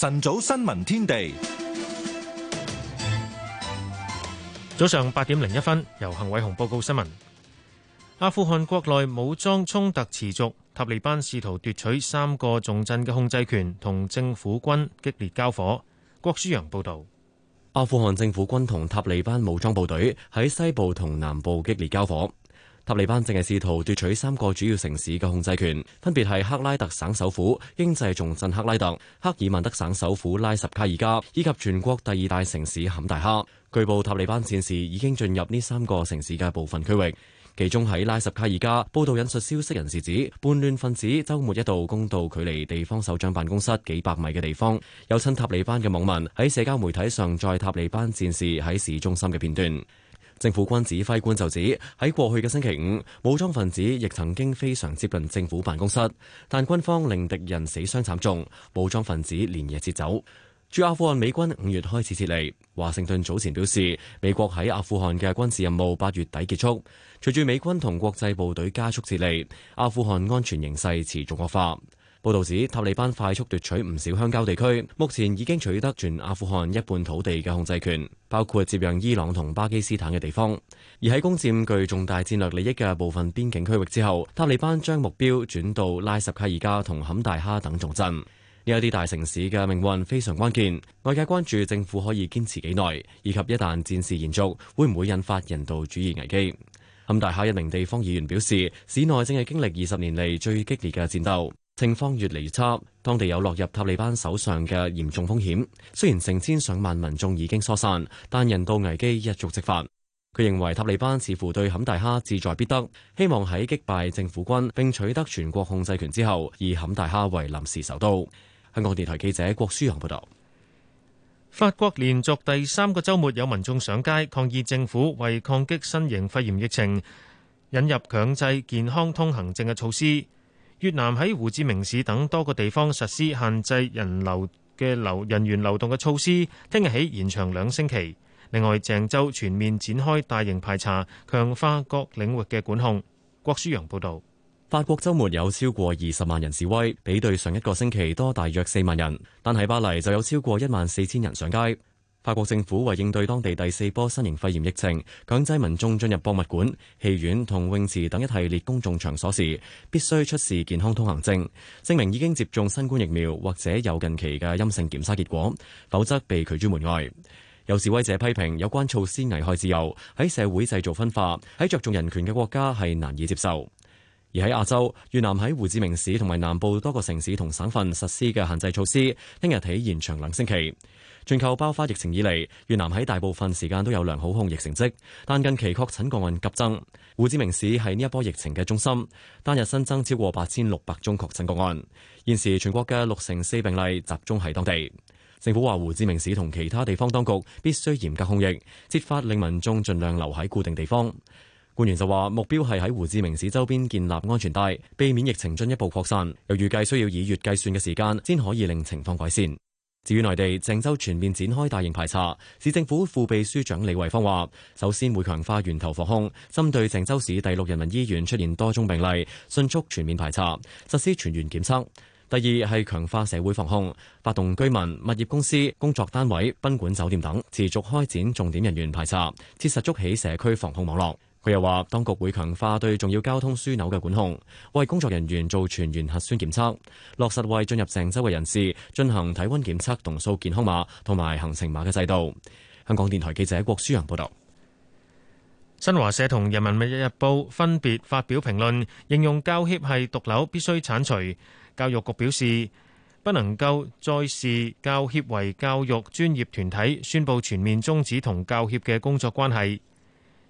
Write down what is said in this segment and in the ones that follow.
晨早新聞天地，早上八點零一分，由幸偉雄報告新聞。阿富汗國內武裝衝突持續，塔利班試圖奪取三個重鎮嘅控制權，同政府軍激烈交火。郭書洋報道。阿富汗政府軍同塔利班武裝部隊喺西部同南部激烈交火。塔利班正係試圖奪取三個主要城市嘅控制權，分別係克拉特省首府經濟重鎮克拉特、克爾曼德省首府拉什卡爾加，以及全國第二大城市坎大哈。據報塔利班戰士已經進入呢三個城市嘅部分區域，其中喺拉什卡爾加，報道引述消息人士指，叛亂分子週末一度攻到距離地方首長辦公室幾百米嘅地方。有親塔利班嘅網民喺社交媒體上載塔利班戰士喺市中心嘅片段。政府軍指揮官就指，喺過去嘅星期五，武裝分子亦曾經非常接近政府辦公室，但軍方令敵人死傷慘重，武裝分子連夜撤走。駐阿富汗美軍五月開始撤離，華盛頓早前表示，美國喺阿富汗嘅軍事任務八月底結束，隨住美軍同國際部隊加速撤離，阿富汗安全形勢持續惡化。報導指，塔利班快速奪取唔少鄉郊地區，目前已經取得全阿富汗一半土地嘅控制權，包括接壤伊朗同巴基斯坦嘅地方。而喺攻佔具重大戰略利益嘅部分邊境區域之後，塔利班將目標轉到拉什卡爾加同坎大哈等重鎮。呢一啲大城市嘅命運非常關鍵，外界關注政府可以堅持幾耐，以及一旦戰事延續，會唔會引發人道主義危機。坎大哈一名地方議員表示，市內正係經歷二十年嚟最激烈嘅戰鬥。情況越嚟越差，當地有落入塔利班手上嘅嚴重風險。雖然成千上萬民眾已經疏散，但人道危機一觸即發。佢認為塔利班似乎對坎大哈志在必得，希望喺擊敗政府軍並取得全國控制權之後，以坎大哈為臨時首都。香港電台記者郭舒洋報導。法國連續第三個週末有民眾上街抗議政府為抗擊新型肺炎疫情引入強制健康通行證嘅措施。越南喺胡志明市等多個地方實施限制人流嘅流人員流動嘅措施，聽日起延長兩星期。另外，鄭州全面展開大型排查，強化各領域嘅管控。郭書陽報道，法國周末有超過二十萬人示威，比對上一個星期多大約四萬人，但喺巴黎就有超過一萬四千人上街。法國政府為應對當地第四波新型肺炎疫情，強制民眾進入博物館、戲院同泳池等一系列公眾場所時，必須出示健康通行證，證明已經接種新冠疫苗或者有近期嘅陰性檢測結果，否則被拒諸門外。有示威者批評有關措施危害自由，喺社會製造分化，喺着重人權嘅國家係難以接受。而喺亞洲，越南喺胡志明市同埋南部多個城市同省份實施嘅限制措施，聽日起延長兩星期。全球爆發疫情以嚟，越南喺大部分時間都有良好控疫成績，但近期確診個案急增。胡志明市係呢一波疫情嘅中心，單日新增超過八千六百宗確診個案。現時全國嘅六成四病例集中喺當地。政府話胡志明市同其他地方當局必須嚴格控疫，設法令民眾盡量留喺固定地方。官員就話目標係喺胡志明市周邊建立安全帶，避免疫情進一步擴散。又預計需要以月計算嘅時間先可以令情況改善。至於內地鄭州全面展開大型排查，市政府副秘書長李惠芳話：首先會強化源頭防控，針對鄭州市第六人民醫院出現多宗病例，迅速全面排查，實施全員檢測；第二係強化社會防控，發動居民、物業公司、工作單位、賓館酒店等持續開展重點人員排查，切實築起社區防控網絡。佢又話：當局會強化對重要交通樞紐嘅管控，為工作人員做全員核酸檢測，落實為進入鄭州嘅人士進行體溫檢測同掃健康碼同埋行程碼嘅制度。香港電台記者郭舒揚報道，新華社同《人民日報》分別發表評論，形容教協係毒瘤，必須剷除。教育局表示不能夠再視教協為教育專業團體，宣布全面終止同教協嘅工作關係。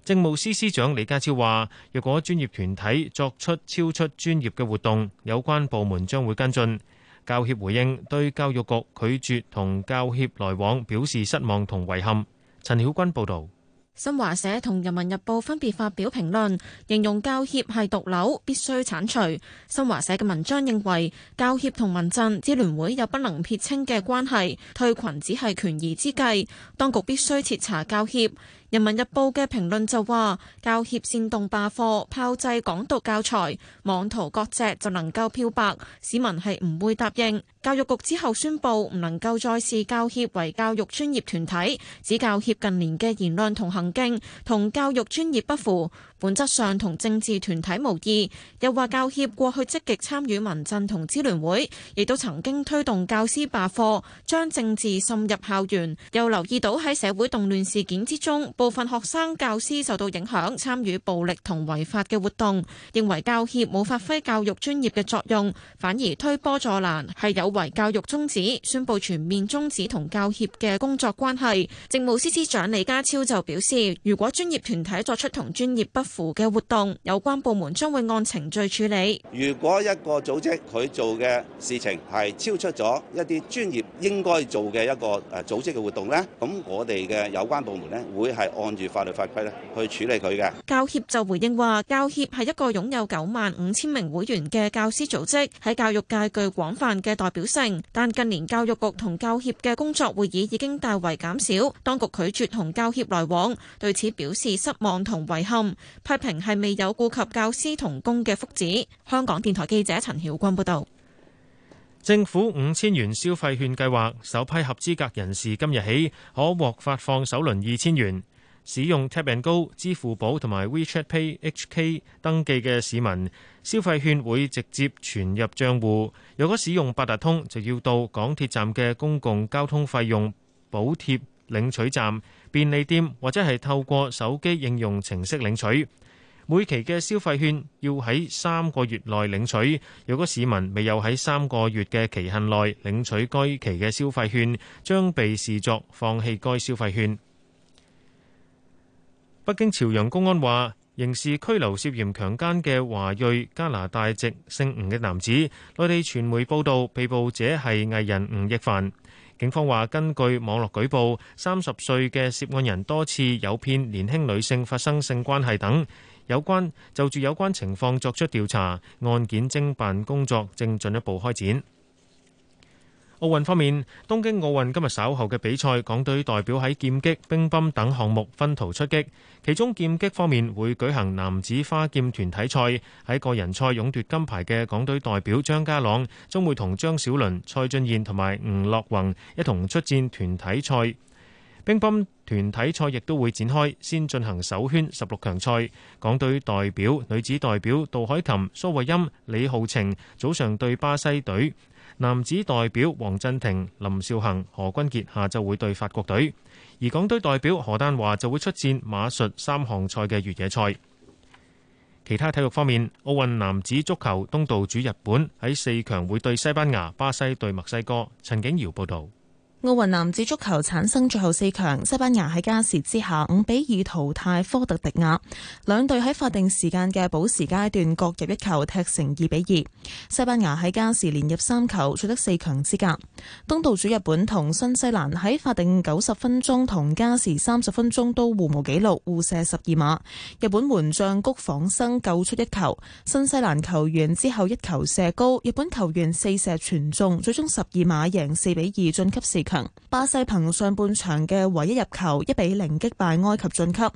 政務司司長李家超話：若果專業團體作出超出專業嘅活動，有關部門將會跟進。教協回應對教育局拒絕同教協來往表示失望同遺憾。陳曉君報導。新華社同《人民日報》分別發表評論，形容教協係毒瘤，必須剷除。新華社嘅文章認為，教協同民陣、支聯會有不能撇清嘅關係，退群只係權宜之計，當局必須徹查教協。《人民日報》嘅評論就話：教協煽動罷課、炮製港獨教材、妄圖割席，就能夠漂白，市民係唔會答應。教育局之後宣布，唔能夠再視教協為教育專業團體，指教協近年嘅言論同行徑同教育專業不符。本質上同政治團體無異，又話教協過去積極參與民陣同支聯會，亦都曾經推動教師罷課，將政治滲入校園。又留意到喺社會動亂事件之中，部分學生、教師受到影響，參與暴力同違法嘅活動，認為教協冇發揮教育專業嘅作用，反而推波助瀾，係有違教育宗旨，宣布全面終止同教協嘅工作關係。政務司司長李家超就表示，如果專業團體作出同專業不扶嘅活動，有關部門將會按程序處理。如果一個組織佢做嘅事情係超出咗一啲專業應該做嘅一個誒組織嘅活動呢，咁我哋嘅有關部門呢會係按住法律法規咧去處理佢嘅。教協就回應話，教協係一個擁有九萬五千名會員嘅教師組織，喺教育界具廣泛嘅代表性。但近年教育局同教協嘅工作會議已經大為減少，當局拒絕同教協來往，對此表示失望同遺憾。批評係未有顧及教師同工嘅福祉。香港電台記者陳曉君報道，政府五千元消費券計劃首批合資格人士今日起可獲發放首輪二千元，使用 Tap & Go、支付寶同埋 WeChat Pay HK 登記嘅市民，消費券會直接存入帳戶。如果使用八達通，就要到港鐵站嘅公共交通費用補貼領取站、便利店或者係透過手機應用程式領取，每期嘅消費券要喺三個月內領取。如果市民未有喺三個月嘅期限內領取該期嘅消費券，將被視作放棄該消費券。北京朝陽公安話，刑事拘留涉嫌強姦嘅華裔加拿大籍姓吳嘅男子。內地傳媒報道，被捕者係藝人吳亦凡。警方話：根據網絡舉報，三十歲嘅涉案人多次誘騙年輕女性發生性關係等，有關就住有關情況作出調查，案件偵辦工作正進一步開展。奧運方面，東京奧運今日稍後嘅比賽，港隊代表喺劍擊、乒乓等項目分途出擊。其中劍擊方面會舉行男子花劍團體賽，喺個人賽勇奪金牌嘅港隊代表張家朗，將會同張小倫、蔡俊彥同埋吳樂宏一同出戰團體賽。乒乓團體賽亦都會展開，先進行首圈十六強賽。港隊代表女子代表杜海琴、蘇慧音、李浩晴早上對巴西隊，男子代表黃鎮廷、林少恆、何君傑下晝會對法國隊。而港隊代表何丹華就會出戰馬術三項賽嘅越野賽。其他體育方面，奧運男子足球東道主日本喺四強會對西班牙、巴西對墨西哥。陳景瑤報導。奧運男子足球產生最後四強，西班牙喺加時之下五比二淘汰科特迪瓦，兩隊喺法定時間嘅補時階段各入一球，踢成二比二。西班牙喺加時連入三球，取得四強資格。東道主日本同新西蘭喺法定九十分鐘同加時三十分鐘都互無紀錄，互射十二碼。日本門將谷晃生救出一球，新西蘭球員之後一球射高，日本球員四射全中，最終十二碼贏四比二晉級四。巴西憑上半場嘅唯一入球，一比零擊敗埃及晉級。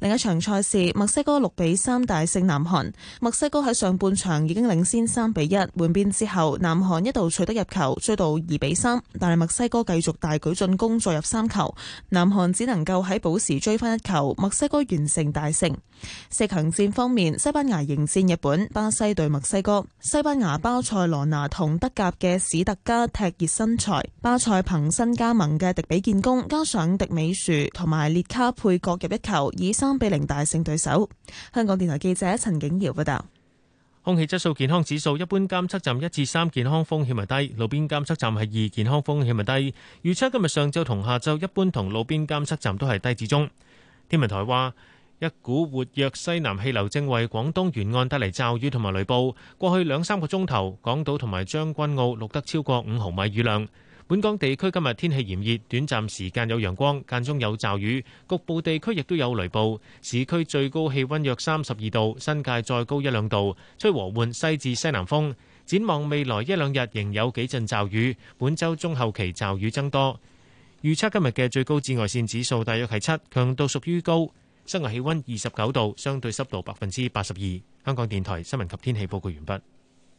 另一場賽事，墨西哥六比三大勝南韓。墨西哥喺上半場已經領先三比一，換邊之後南韓一度取得入球，追到二比三，但係墨西哥繼續大舉進攻，再入三球，南韓只能夠喺補時追翻一球，墨西哥完成大勝。四強戰方面，西班牙迎戰日本，巴西對墨西哥，西班牙巴塞羅那同德甲嘅史特加踢熱身賽，巴塞憑，新加盟嘅迪比建功，加上迪美樹同埋列卡佩各入一球，以三比零大勝對手。香港電台記者陳景瑤報道。空氣質素健康指數一般監測站一至三健康風險係低，路邊監測站係二，健康風險係低。預測今日上晝同下晝一般同路邊監測站都係低至中。天文台話，一股活躍西南氣流正為廣東沿岸帶嚟驟雨同埋雷暴。過去兩三個鐘頭，港島同埋將軍澳錄得超過五毫米雨量。本港地區今日天氣炎熱，短暫時間有陽光，間中有驟雨，局部地區亦都有雷暴。市區最高氣温約三十二度，新界再高一兩度。吹和緩西至西南風。展望未來一兩日仍有幾陣驟雨，本週中後期驟雨增多。預測今日嘅最高紫外線指數大約係七，強度屬於高。室外氣温二十九度，相對濕度百分之八十二。香港電台新聞及天氣報告完畢。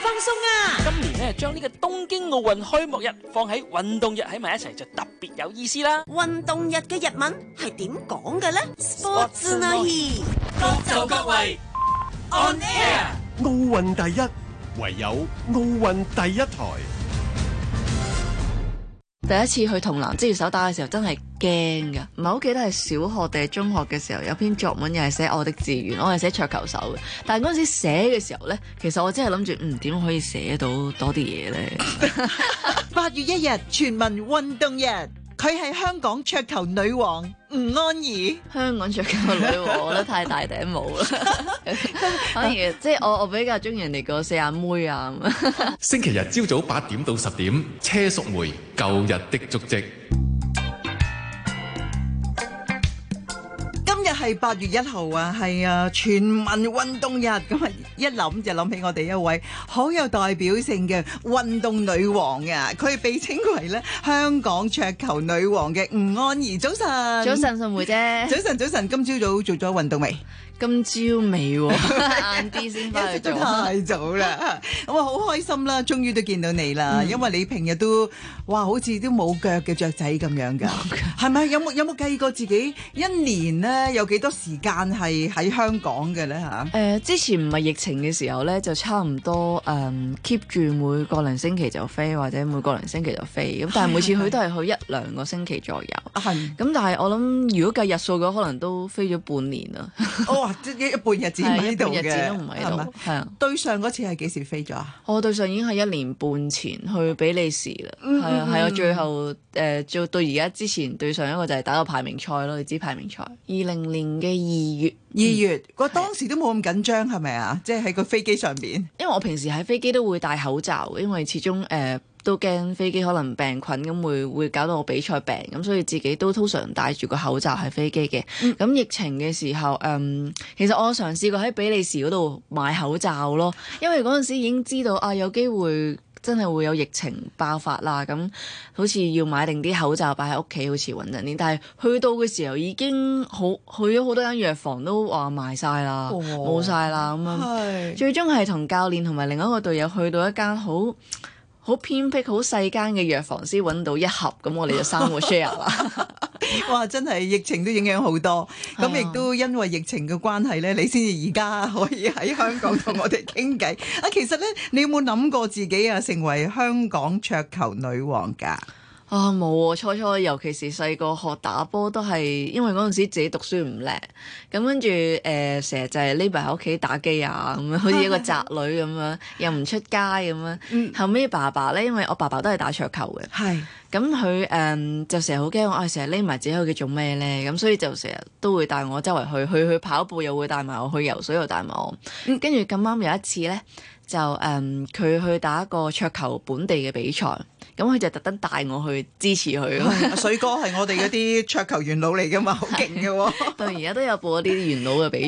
放鬆啊！今年咧將呢個東京奧運開幕日放喺運動日喺埋一齊，就特別有意思啦。運動日嘅日文係點講嘅呢？Sports 呢？各就各位，On air，奧運第一，唯有奧運第一台。第一次去同男接住手打嘅時候，真係。驚噶，唔係好記得係小學定係中學嘅時候有篇作文又係寫我的志願，我係寫桌球手嘅。但係嗰陣時寫嘅時候咧，其實我真係諗住唔點可以寫到多啲嘢咧。八月一日全民運動日，佢係香港桌球女王吳安儀。香港桌球女王，我覺得太大頂帽啦。反而即係我我比較中意人哋個四阿妹啊咁啊。星期日朝早八點到十點，車淑梅舊日的足跡。八月一號啊，係啊，全民運動日咁啊，一諗就諗起我哋一位好有代表性嘅運動女王呀！佢係被稱為咧香港桌球女王嘅吳安儀，早晨，早晨，順梅姐，早晨，早晨，今朝早做咗運動未？今朝未，晏啲先翻去做，太早啦。咁啊，好開心啦，終於都見到你啦，因為你平日都哇，好似都冇腳嘅雀仔咁樣噶，係咪？有冇有冇計過自己一年咧有幾？幾多時間係喺香港嘅咧吓？誒、呃，之前唔係疫情嘅時候咧，就差唔多誒 keep 住每個零星期就飛，或者每個零星期就飛。咁但係每次去都係去一兩個星期左右。係的。咁、嗯、但係我諗，如果計日數嘅，可能都飛咗半年啦。哇、哦，一 一半日子唔喺度，日子都唔喺度。係啊吧。的對上嗰次係幾時飛咗啊？我對上已經係一年半前去比利時啦。係啊、嗯嗯嗯，係啊，最後誒，呃、到到而家之前對上一個就係打個排名賽咯，你知排名賽。二零年。嘅二月，嗯、二月，我當時都冇咁緊張，係咪啊？即係喺個飛機上邊，因為我平時喺飛機都會戴口罩，因為始終誒、呃、都驚飛機可能病菌咁會會搞到我比賽病，咁所以自己都通常戴住個口罩喺飛機嘅。咁、嗯、疫情嘅時候，嗯、呃，其實我嘗試過喺比利時嗰度買口罩咯，因為嗰陣時已經知道啊有機會，真係會有疫情爆發啦，咁好似要買定啲口罩擺喺屋企，好似穩陣啲。但係去到嘅時候已經好，去咗好多間藥房都話賣晒啦，冇晒啦咁樣。最終係同教練同埋另一個隊友去到一間好。好偏僻、好細間嘅藥房先揾到一盒，咁我哋就三個 share 啦！ 哇，真係疫情都影響好多，咁亦 都因為疫情嘅關係咧，你先至而家可以喺香港同我哋傾偈。啊， 其實咧，你有冇諗過自己啊成為香港桌球女王㗎？啊冇、哦，初初尤其是細個學打波都係，因為嗰陣時自己讀書唔叻，咁跟住誒成日就係匿埋喺屋企打機啊，咁樣好似一個宅女咁樣， 又唔出街咁樣。嗯、後尾爸爸咧，因為我爸爸都係打桌球嘅，咁佢誒就成日好驚我，啊成日匿埋自己喺度做咩咧？咁所以就成日都會帶我周圍去，去去跑步又會帶埋我去游水又帶埋我，跟住咁啱有一次咧。就誒佢、嗯、去打一個桌球本地嘅比賽，咁佢就特登帶我去支持佢咯、 嗯。水哥係我哋嗰啲桌球元老嚟噶嘛，好勁嘅喎。 到而家都有播啲元老嘅比。